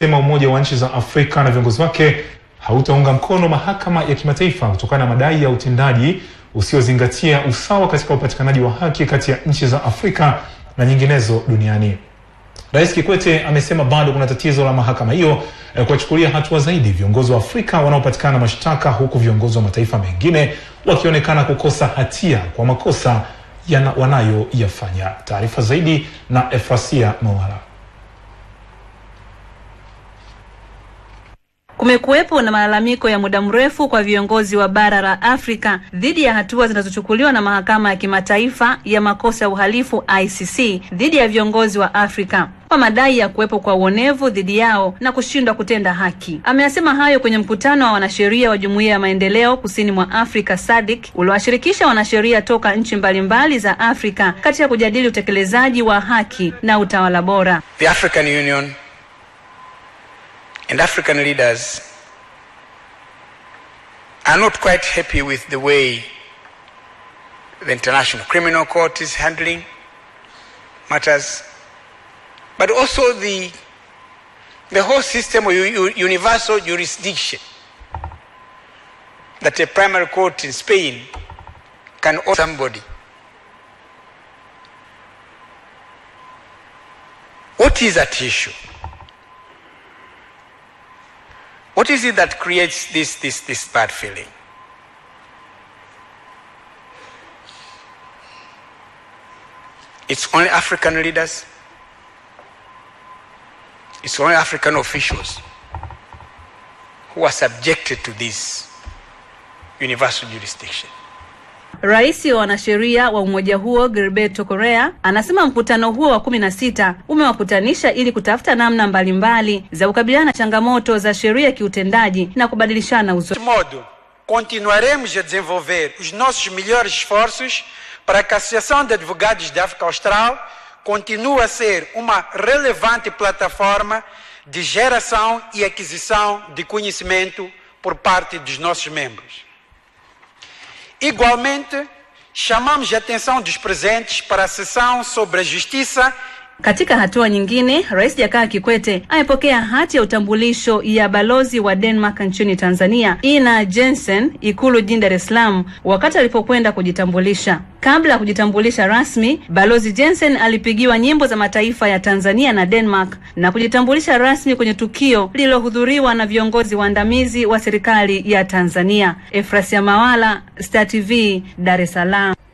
sema umoja wa nchi za Afrika na viongozi wake hautaunga mkono mahakama ya kimataifa kutokana na madai ya utendaji usiozingatia usawa katika upatikanaji wa haki kati ya nchi za Afrika na nyinginezo duniani. Rais Kikwete amesema bado kuna tatizo la mahakama hiyo eh, kuwachukulia hatua zaidi viongozi wa Afrika wanaopatikana na mashtaka, huku viongozi wa mataifa mengine wakionekana kukosa hatia kwa makosa wanayoyafanya. Taarifa zaidi na Efrasia Mawala. Kumekuwepo na malalamiko ya muda mrefu kwa viongozi wa bara la Afrika dhidi ya hatua zinazochukuliwa na mahakama ya kimataifa ya makosa ya uhalifu ICC dhidi ya viongozi wa Afrika kwa madai ya kuwepo kwa uonevu dhidi yao na kushindwa kutenda haki. Ameyasema hayo kwenye mkutano wa wanasheria wa Jumuiya ya Maendeleo Kusini mwa Afrika SADC uliowashirikisha wanasheria toka nchi mbalimbali za Afrika katika kujadili utekelezaji wa haki na utawala bora. The African Union and African leaders are not quite happy with the way the International Criminal Court is handling matters, but also the, the whole system of universal jurisdiction that a primary court in Spain can order somebody. What is at issue? What is it that creates this, this, this bad feeling? It's only African leaders. It's only African officials who are subjected to this universal jurisdiction. Rais wa wanasheria wa umoja huo Gilberto Correa anasema mkutano huo wa kumi na sita umewakutanisha ili kutafuta namna mbalimbali mbali za kukabiliana na changamoto za sheria ya kiutendaji na kubadilishana modo Continuaremos a desenvolver os nossos melhores esforços para que a Associação de Advogados da África Austral continue a ser uma relevante plataforma de geração e aquisição de conhecimento por parte dos nossos membros. Igualmente, chamamos a atenção dos presentes para a sessão sobre a justiça Katika hatua nyingine, Rais Jakaya Kikwete amepokea hati ya utambulisho ya balozi wa Denmark nchini Tanzania Ina Jensen Ikulu jijini Dar es Salaam wakati alipokwenda kujitambulisha. Kabla ya kujitambulisha rasmi, balozi Jensen alipigiwa nyimbo za mataifa ya Tanzania na Denmark na kujitambulisha rasmi kwenye tukio lililohudhuriwa na viongozi waandamizi wa serikali ya Tanzania. Efrasia Mawala, Star TV, Dar es Salaam.